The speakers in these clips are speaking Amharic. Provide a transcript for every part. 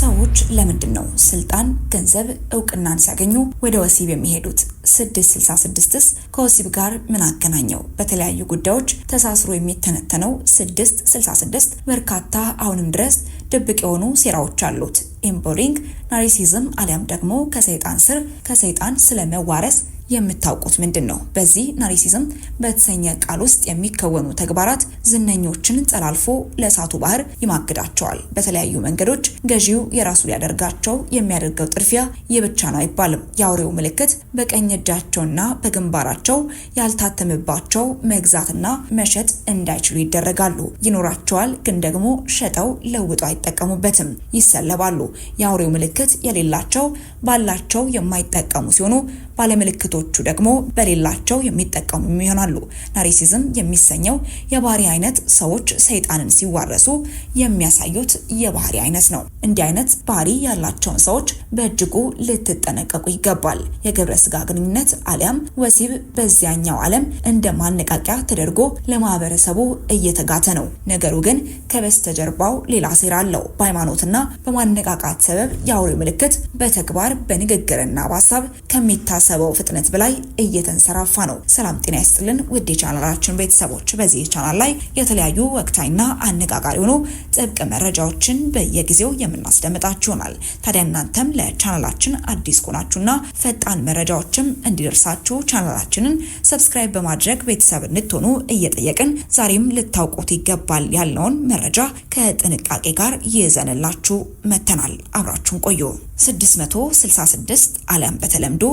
ሰዎች ለምንድን ነው ስልጣን፣ ገንዘብ፣ እውቅናን ሲያገኙ ወደ ወሲብ የሚሄዱት? 666ስ ከወሲብ ጋር ምን አገናኘው? በተለያዩ ጉዳዮች ተሳስሮ የሚተነተነው 666 በርካታ አሁንም ድረስ ድብቅ የሆኑ ሴራዎች አሉት። ኢምቦሪንግ፣ ናሪሲዝም አሊያም ደግሞ ከሰይጣን ስር ከሰይጣን ስለመዋረስ የምታውቁት ምንድን ነው? በዚህ ናሪሲዝም በተሰኘ ቃል ውስጥ የሚከወኑ ተግባራት ዝነኞችን ጠላልፎ ለእሳቱ ባህር ይማግዳቸዋል። በተለያዩ መንገዶች ገዢው የራሱ ሊያደርጋቸው የሚያደርገው ጥድፊያ የብቻ ነው አይባልም። የአውሬው ምልክት በቀኝ እጃቸውና በግንባራቸው ያልታተምባቸው መግዛትና መሸጥ እንዳይችሉ ይደረጋሉ። ይኖራቸዋል፣ ግን ደግሞ ሸጠው ለውጠው አይጠቀሙበትም፣ ይሰለባሉ። የአውሬው ምልክት የሌላቸው ባላቸው የማይጠቀሙ ሲሆኑ ባለምልክቶቹ ደግሞ በሌላቸው የሚጠቀሙ ይሆናሉ። ናሪሲዝም የሚሰኘው የባህሪ አይነት ሰዎች ሰይጣንን ሲዋረሱ የሚያሳዩት የባህሪ አይነት ነው። እንዲህ አይነት ባህሪ ያላቸውን ሰዎች በእጅጉ ልትጠነቀቁ ይገባል። የግብረ ስጋ ግንኙነት አሊያም ወሲብ በዚያኛው ዓለም እንደ ማነቃቂያ ተደርጎ ለማህበረሰቡ እየተጋተ ነው። ነገሩ ግን ከበስተጀርባው ሌላ ሴራ አለው። በሃይማኖትና በማነቃቃት ሰበብ የአውሬው ምልክት በተግባር በንግግርና በሀሳብ ከሚታሰ ከታሰበው ፍጥነት በላይ እየተንሰራፋ ነው። ሰላም ጤና ይስጥልን ውድ የቻናላችን ቤተሰቦች፣ በዚህ ቻናል ላይ የተለያዩ ወቅታዊና አነጋጋሪ የሆኑ ጥብቅ መረጃዎችን በየጊዜው የምናስደምጣችሁ ይሆናል። ታዲያ እናንተም ለቻናላችን አዲስ ከሆናችሁና ፈጣን መረጃዎችም እንዲደርሳችሁ ቻናላችንን ሰብስክራይብ በማድረግ ቤተሰብ እንድትሆኑ እየጠየቅን ዛሬም ልታውቁት ይገባል ያለውን መረጃ ከጥንቃቄ ጋር ይዘንላችሁ መተናል። አብራችሁን ቆዩ። 666 አለም በተለምዶ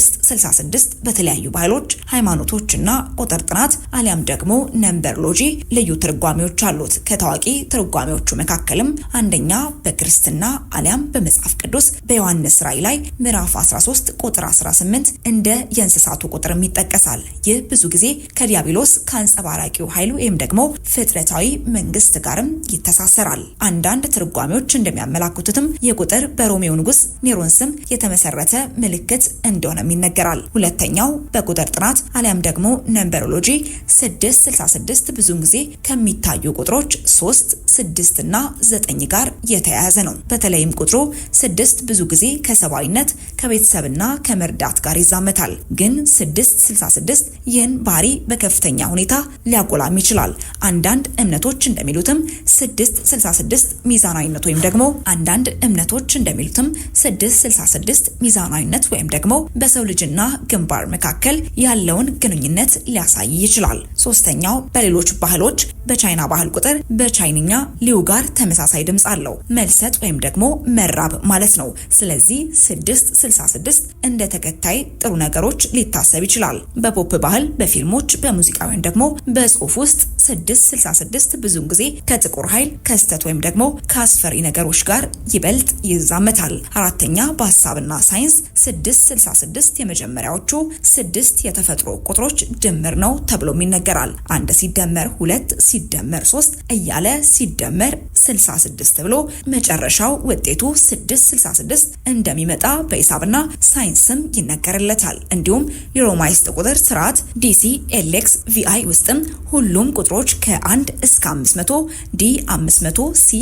66 በተለያዩ ባህሎች ሃይማኖቶችና ቁጥር ጥናት አሊያም ደግሞ ሎጂ ልዩ ትርጓሚዎች አሉት። ከታዋቂ ትርጓሜዎቹ መካከልም አንደኛ በክርስትና አሊያም በመጽሐፍ ቅዱስ በዮሐንስ ራእይ ላይ ምዕራፍ 13 ቁጥር 18 እንደ የእንስሳቱ ቁጥርም ይጠቀሳል። ይህ ብዙ ጊዜ ከዲያብሎስ ከአንጸባራቂው ኃይሉ ወይም ደግሞ ፍጥረታዊ መንግስት ጋርም ይተሳሰራል። አንዳንድ ትርጓሚዎች እንደሚያመላክቱትም ይህ ቁጥር በሮሜው ንጉስ ኔሮን ስም የተመሰረተ ምልክት እንደ እንደሆነም ይነገራል። ሁለተኛው በቁጥር ጥናት አሊያም ደግሞ ነምበሮሎጂ 666 ብዙ ጊዜ ከሚታዩ ቁጥሮች 3፣ 6 እና 9 ጋር የተያያዘ ነው። በተለይም ቁጥሩ 6 ብዙ ጊዜ ከሰብአዊነት ከቤተሰብና ከመርዳት ጋር ይዛመታል። ግን 666 ይህን ባህሪ በከፍተኛ ሁኔታ ሊያጎላም ይችላል። አንዳንድ እምነቶች እንደሚሉትም 666 ሚዛናዊነት ወይም ደግሞ አንዳንድ እምነቶች እንደሚሉትም 666 ሚዛናዊነት ወይም ደግሞ በሰው ልጅና ግንባር መካከል ያለውን ግንኙነት ሊያሳይ ይችላል። ሶስተኛው በሌሎች ባህሎች በቻይና ባህል ቁጥር በቻይንኛ ሊው ጋር ተመሳሳይ ድምፅ አለው። መልሰጥ ወይም ደግሞ መራብ ማለት ነው። ስለዚህ 666 እንደ ተከታይ ጥሩ ነገሮች ሊታሰብ ይችላል። በፖፕ ባህል በፊልሞች በሙዚቃ ወይም ደግሞ በጽሁፍ ውስጥ 666 ብዙውን ጊዜ ከጥቁር ኃይል ከስተት ወይም ደግሞ ከአስፈሪ ነገሮች ጋር ይበልጥ ይዛመታል። አራተኛ በሀሳብና ሳይንስ 666 የመጀመሪያዎቹ ስድስት የተፈጥሮ ቁጥሮች ድምር ነው ተብሎም ይነገራል። አንድ ሲደመር ሁለት ሲደመር ሶስት እያለ ሲደመር 66 ብሎ መጨረሻው ውጤቱ 666 እንደሚመጣ በሂሳብና ሳይንስም ይነገርለታል። እንዲሁም የሮማይስጥ ቁጥር ስርዓት ዲሲ ኤሌክስ ቪአይ ውስጥም ሁሉም ቁጥሮ ቁጥሮች ከ1 እስከ 500 ዲ 500 ሲ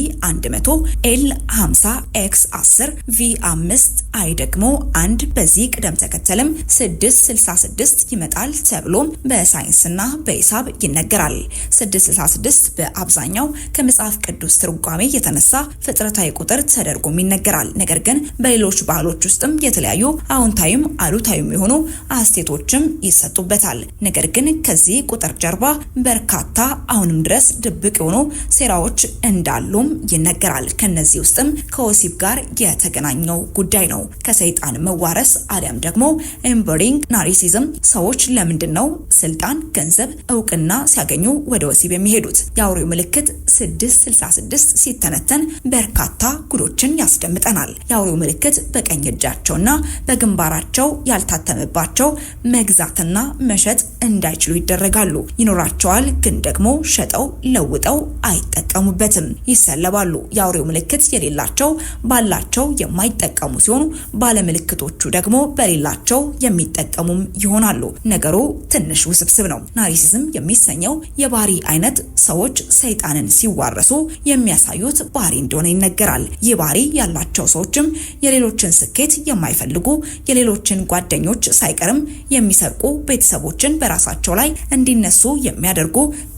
100 ኤል 50 ኤክስ 10 ቪ 5 አይ ደግሞ አንድ በዚህ ቅደም ተከተልም 666 ይመጣል ተብሎም በሳይንስና በሂሳብ ይነገራል። 666 በአብዛኛው ከመጽሐፍ ቅዱስ ትርጓሜ የተነሳ ፍጥረታዊ ቁጥር ተደርጎም ይነገራል። ነገር ግን በሌሎች ባህሎች ውስጥም የተለያዩ አዎንታዊም አሉታዊም የሆኑ አስቴቶችም ይሰጡበታል። ነገር ግን ከዚህ ቁጥር ጀርባ በርካታ ቦታ አሁንም ድረስ ድብቅ የሆኑ ሴራዎች እንዳሉም ይነገራል። ከነዚህ ውስጥም ከወሲብ ጋር የተገናኘው ጉዳይ ነው። ከሰይጣን መዋረስ አሊያም ደግሞ ኤምበሪንግ ናሪሲዝም። ሰዎች ለምንድን ነው ስልጣን፣ ገንዘብ፣ እውቅና ሲያገኙ ወደ ወሲብ የሚሄዱት? የአውሬው ምልክት 666 ሲተነተን በርካታ ጉዶችን ያስደምጠናል። የአውሬው ምልክት በቀኝ እጃቸውና በግንባራቸው ያልታተመባቸው መግዛትና መሸጥ እንዳይችሉ ይደረጋሉ። ይኖራቸዋል ግን ደግሞ ሸጠው ለውጠው አይጠቀሙበትም፣ ይሰለባሉ። የአውሬው ምልክት የሌላቸው ባላቸው የማይጠቀሙ ሲሆኑ ባለምልክቶቹ ደግሞ በሌላቸው የሚጠቀሙም ይሆናሉ። ነገሩ ትንሽ ውስብስብ ነው። ናሪሲዝም የሚሰኘው የባህሪ አይነት ሰዎች ሰይጣንን ሲዋረሱ የሚያሳዩት ባህሪ እንደሆነ ይነገራል። ይህ ባህሪ ያላቸው ሰዎችም የሌሎችን ስኬት የማይፈልጉ የሌሎችን ጓደኞች ሳይቀርም የሚሰርቁ ቤተሰቦችን በራሳቸው ላይ እንዲነሱ የሚያደርጉ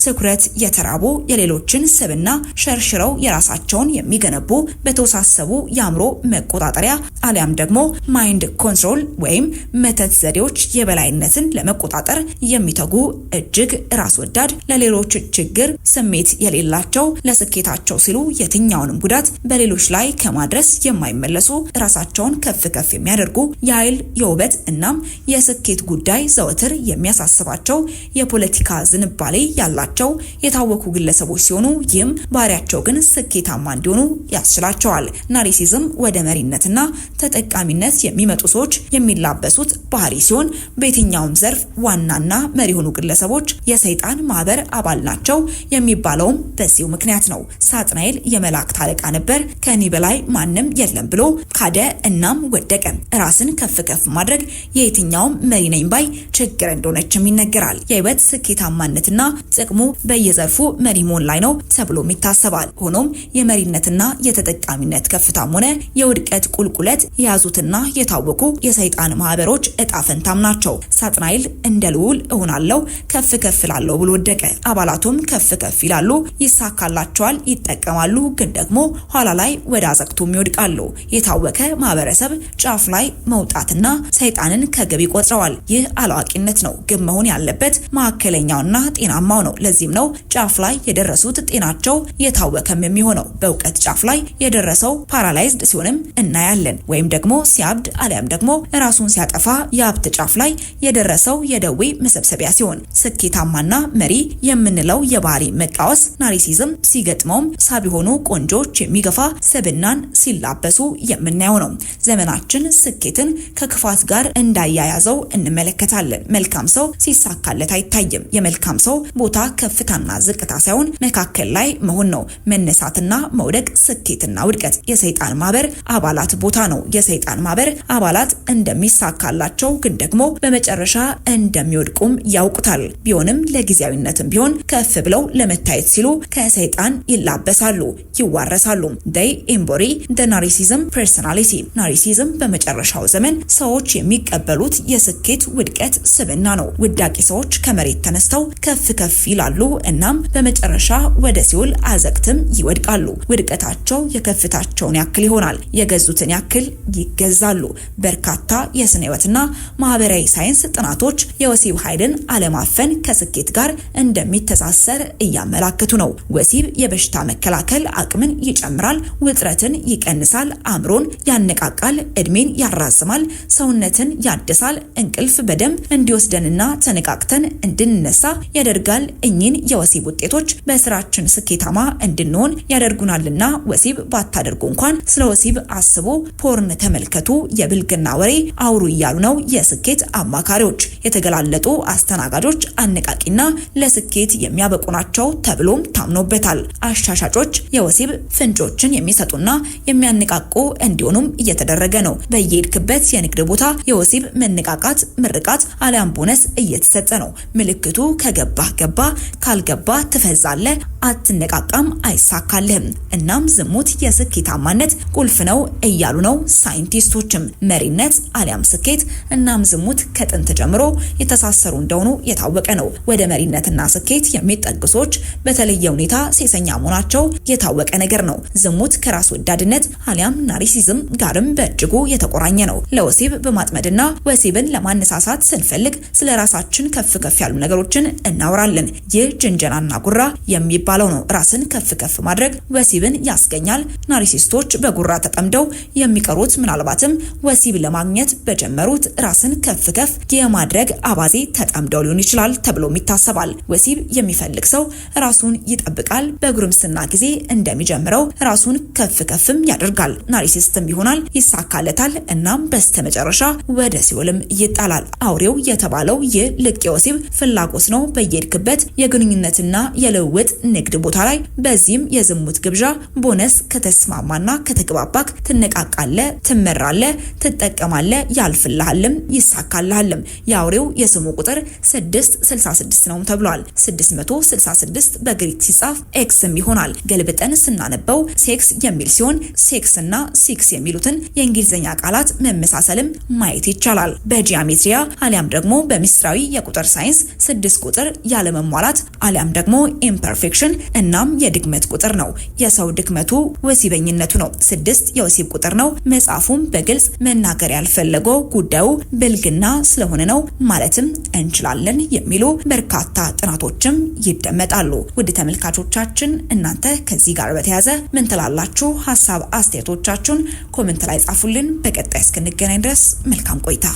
ትኩረት የተራቡ የሌሎችን ስብና ሸርሽረው የራሳቸውን የሚገነቡ በተወሳሰቡ የአእምሮ መቆጣጠሪያ አሊያም ደግሞ ማይንድ ኮንትሮል ወይም መተት ዘዴዎች የበላይነትን ለመቆጣጠር የሚተጉ እጅግ ራስ ወዳድ፣ ለሌሎች ችግር ስሜት የሌላቸው፣ ለስኬታቸው ሲሉ የትኛውንም ጉዳት በሌሎች ላይ ከማድረስ የማይመለሱ ራሳቸውን ከፍ ከፍ የሚያደርጉ የኃይል የውበት እናም የስኬት ጉዳይ ዘወትር የሚያሳስባቸው የፖለቲካ ዝንባሌ ያላቸው በመሆናቸው የታወቁ ግለሰቦች ሲሆኑ ይህም ባህሪያቸው ግን ስኬታማ እንዲሆኑ ያስችላቸዋል። ናርሲሲዝም ወደ መሪነትና ተጠቃሚነት የሚመጡ ሰዎች የሚላበሱት ባህሪ ሲሆን በየትኛውም ዘርፍ ዋናና መሪ የሆኑ ግለሰቦች የሰይጣን ማህበር አባል ናቸው የሚባለውም በዚሁ ምክንያት ነው። ሳጥናኤል የመላእክት አለቃ ነበር፣ ከኒ በላይ ማንም የለም ብሎ ካደ፣ እናም ወደቀ። ራስን ከፍ ከፍ ማድረግ የየትኛውም መሪ ነኝ ባይ ችግር እንደሆነችም ይነገራል። የህይወት ስኬታማነትና ጥቅሙ በየዘርፉ መሪሞን ላይ ነው ተብሎም ይታሰባል። ሆኖም የመሪነትና የተጠቃሚነት ከፍታም ሆነ የውድቀት ቁልቁለት የያዙትና የታወቁ የሰይጣን ማህበሮች እጣ ፈንታም ናቸው። ሳጥናኤል እንደ ልዑል እሆናለሁ ከፍ ከፍ ላለሁ ብሎ ወደቀ። አባላቱም ከፍ ከፍ ይላሉ፣ ይሳካላቸዋል፣ ይጠቀማሉ። ግን ደግሞ ኋላ ላይ ወደ አዘቅቶም ይወድቃሉ። የታወቀ ማህበረሰብ ጫፍ ላይ መውጣትና ሰይጣንን ከግብ ይቆጥረዋል። ይህ አላዋቂነት ነው። ግብ መሆን ያለበት ማዕከለኛውና ጤናማው ነው። ለዚህም ነው ጫፍ ላይ የደረሱት ጤናቸው የታወከም የሚሆነው። በእውቀት ጫፍ ላይ የደረሰው ፓራላይዝድ ሲሆንም እናያለን። ወይም ደግሞ ሲያብድ አሊያም ደግሞ ራሱን ሲያጠፋ፣ የሀብት ጫፍ ላይ የደረሰው የደዌ መሰብሰቢያ ሲሆን ስኬታማና መሪ የምንለው የባህሪ መቃወስ ናሪሲዝም ሲገጥመውም ሳቢ ሆኑ ቆንጆች የሚገፋ ስብናን ሲላበሱ የምናየው ነው። ዘመናችን ስኬትን ከክፋት ጋር እንዳያያዘው እንመለከታለን። መልካም ሰው ሲሳካለት አይታይም። የመልካም ሰው ቦታ ከፍታና ዝቅታ ሳይሆን መካከል ላይ መሆን ነው። መነሳትና መውደቅ፣ ስኬትና ውድቀት የሰይጣን ማህበር አባላት ቦታ ነው። የሰይጣን ማህበር አባላት እንደሚሳካላቸው ግን ደግሞ በመጨረሻ እንደሚወድቁም ያውቁታል። ቢሆንም ለጊዜያዊነትም ቢሆን ከፍ ብለው ለመታየት ሲሉ ከሰይጣን ይላበሳሉ፣ ይዋረሳሉ። ደይ ኤምቦሪ ደ ናሪሲዝም ፐርሶናሊቲ። ናሪሲዝም በመጨረሻው ዘመን ሰዎች የሚቀበሉት የስኬት ውድቀት ስብና ነው። ውዳቂ ሰዎች ከመሬት ተነስተው ከፍ ከፍ ይላሉ። ይላሉ። እናም በመጨረሻ ወደ ሲኦል አዘቅትም ይወድቃሉ። ውድቀታቸው የከፍታቸውን ያክል ይሆናል። የገዙትን ያክል ይገዛሉ። በርካታ የስነ ህይወትና ማህበራዊ ሳይንስ ጥናቶች የወሲብ ኃይልን አለማፈን ከስኬት ጋር እንደሚተሳሰር እያመላከቱ ነው። ወሲብ የበሽታ መከላከል አቅምን ይጨምራል፣ ውጥረትን ይቀንሳል፣ አእምሮን ያነቃቃል፣ እድሜን ያራዝማል፣ ሰውነትን ያድሳል፣ እንቅልፍ በደንብ እንዲወስደንና ተነቃቅተን እንድንነሳ ያደርጋል። እኚህን የወሲብ ውጤቶች በስራችን ስኬታማ እንድንሆን ያደርጉናልና ወሲብ ባታደርጉ እንኳን ስለ ወሲብ አስቡ፣ ፖርን ተመልከቱ፣ የብልግና ወሬ አውሩ እያሉ ነው የስኬት አማካሪዎች። የተገላለጡ አስተናጋጆች አነቃቂና ለስኬት የሚያበቁ ናቸው ተብሎም ታምኖበታል። አሻሻጮች የወሲብ ፍንጮችን የሚሰጡና የሚያነቃቁ እንዲሆኑም እየተደረገ ነው። በየሄድክበት የንግድ ቦታ የወሲብ መነቃቃት፣ ምርቃት አሊያም ቦነስ እየተሰጠ ነው። ምልክቱ ከገባህ ገባ ካልገባ ትፈዛለ፣ አትነቃቃም፣ አይሳካልህም። እናም ዝሙት የስኬታማነት ቁልፍ ነው እያሉ ነው ሳይንቲስቶችም። መሪነት አሊያም ስኬት እናም ዝሙት ከጥንት ጀምሮ የተሳሰሩ እንደሆኑ የታወቀ ነው። ወደ መሪነትና ስኬት የሚጠጉ ሰዎች በተለየ ሁኔታ ሴሰኛ መሆናቸው የታወቀ ነገር ነው። ዝሙት ከራስ ወዳድነት አሊያም ናሪሲዝም ጋርም በእጅጉ የተቆራኘ ነው። ለወሲብ በማጥመድና ወሲብን ለማነሳሳት ስንፈልግ ስለ ራሳችን ከፍ ከፍ ያሉ ነገሮችን እናወራለን። ይህ ጅንጀናና ጉራ የሚባለው ነው። ራስን ከፍ ከፍ ማድረግ ወሲብን ያስገኛል። ናርሲስቶች በጉራ ተጠምደው የሚቀሩት ምናልባትም ወሲብ ለማግኘት በጀመሩት ራስን ከፍ ከፍ የማድረግ አባዜ ተጠምደው ሊሆን ይችላል ተብሎም ይታሰባል። ወሲብ የሚፈልግ ሰው ራሱን ይጠብቃል። በጉርምስና ጊዜ እንደሚጀምረው ራሱን ከፍ ከፍም ያደርጋል። ናርሲስትም ይሆናል፣ ይሳካለታል። እናም በስተመጨረሻ ወደ ሲኦልም ይጣላል። አውሬው የተባለው ይህ ልቅ የወሲብ ፍላጎት ነው። በየሄድክበት የግንኙነትና የልውውጥ ንግድ ቦታ ላይ። በዚህም የዝሙት ግብዣ ቦነስ ከተስማማና ከተግባባክ ትነቃቃለ፣ ትመራለ፣ ትጠቀማለ፣ ያልፍልሃልም ይሳካልሃልም። የአውሬው የስሙ ቁጥር 666 ነው ተብሏል። 666 በግሪክ ሲጻፍ ኤክስም ይሆናል። ገልብጠን ስናነበው ሴክስ የሚል ሲሆን ሴክስ እና ሴክስ የሚሉትን የእንግሊዝኛ ቃላት መመሳሰልም ማየት ይቻላል። በጂኦሜትሪያ አሊያም ደግሞ በሚስጥራዊ የቁጥር ሳይንስ ስድስት ቁጥር ያለመሟላት ጥፋት አሊያም ደግሞ ኢምፐርፌክሽን እናም የድግመት ቁጥር ነው። የሰው ድክመቱ ወሲበኝነቱ ነው። ስድስት የወሲብ ቁጥር ነው። መጽሐፉም በግልጽ መናገር ያልፈለገው ጉዳዩ ብልግና ስለሆነ ነው ማለትም እንችላለን የሚሉ በርካታ ጥናቶችም ይደመጣሉ። ውድ ተመልካቾቻችን እናንተ ከዚህ ጋር በተያያዘ ምን ትላላችሁ? ሀሳብ አስተያየቶቻችሁን ኮመንት ላይ ጻፉልን። በቀጣይ እስክንገናኝ ድረስ መልካም ቆይታ